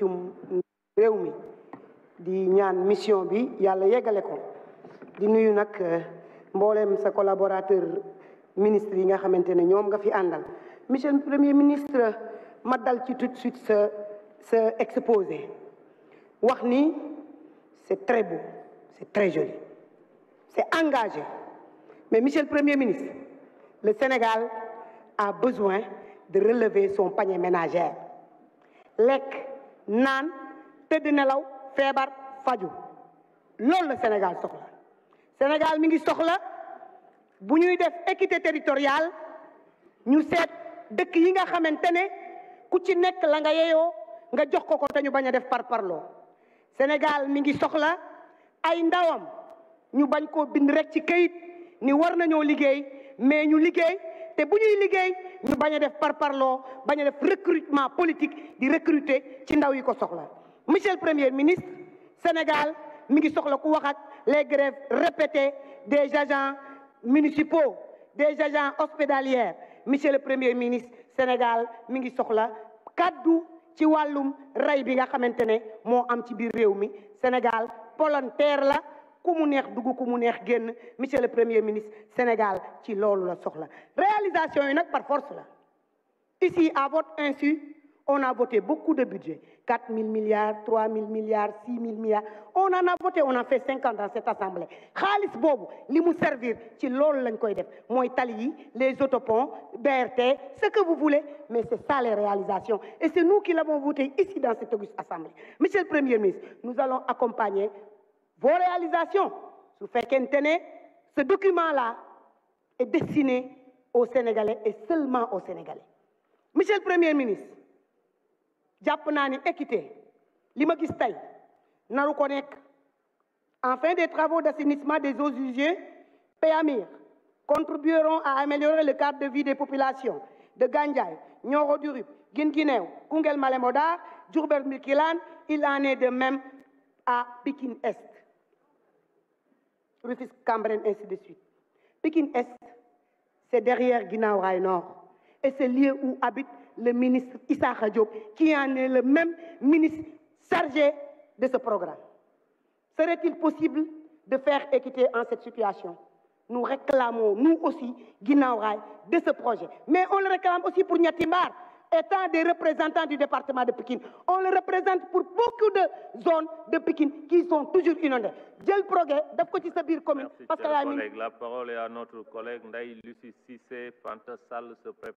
de mission bi ko di euh, collaborateur ministre premier ministre ma dal tout de suite c'est très beau c'est très joli c'est engagé mais monsieur le premier ministre le Sénégal a besoin de relever son panier ménagère naan tëdd nelaw feebar faju loolu la Sénégal soxla Sénégal mi ngi soxla bu ñuy def équité territoriale ñu seet dëkk yi nga xamante ne ku ci nekk la nga yeyoo nga jox ko ko te ñu bañ a def par parloo Sénégal mi ngi soxla ay ndawam ñu bañ koo bind rek ci këyit ni war nañoo liggéey mais ñu liggéey té buñuy liggéey ñu baña def par parlo baña def recrutement politique di recruter ci ndaw yi ko soxla monsieur le premier ministre Sénégal mi ngi soxla ku wax les grèves répétées des agents municipaux des agents hospitaliers monsieur le premier ministre Sénégal mi ngi soxla kaddu ci walum ray bi nga xamantene mo am ci biir réew mi Sénégal volontaire la monsieur le premier ministre Sénégal ci la réalisation yi par force ici à votre insu on a voté beaucoup de budget 4 000 milliards 3 000 milliards 6 000 milliards on en a voté on a fait ans dans cette assemblée Khalis Bobo, li mu servir ci lañ koy les autoponts BRT ce que vous voulez mais c'est ça les réalisations et c'est nous qui l'avons voté ici dans cette auguste assemblée monsieur le premier ministre nous allons accompagner vos réalisations. sous fait ce document-là est destiné aux Sénégalais et seulement aux Sénégalais. Monsieur le Premier ministre jàpp équité li en fin des travaux d'assainissement des eaux usées Péamir, contribueront à améliorer le cadre de vie des populations de Gandjaï, Nyoro Durup, guin Kungel Koungheul Malem il en est de même à Pikin Est Rufus Cambren, ainsi de suite. Pékin Est, c'est derrière Guinao Nord. Et c'est lieu où habite le ministre Issa Diop, qui en est le même ministre chargé de ce programme. Serait-il possible de faire équité en cette situation Nous réclamons, nous aussi, Guinao de ce projet. Mais on le réclame aussi pour Niatimbar étant des représentants du département de Pékin, on le représente pour beaucoup de zones de Pékin qui sont toujours inondées. Djel Progué, d'Afkoti Sabir commune. Parce que la parole est à notre collègue Ndaï Lucie Sissé. Fantasal se prépare.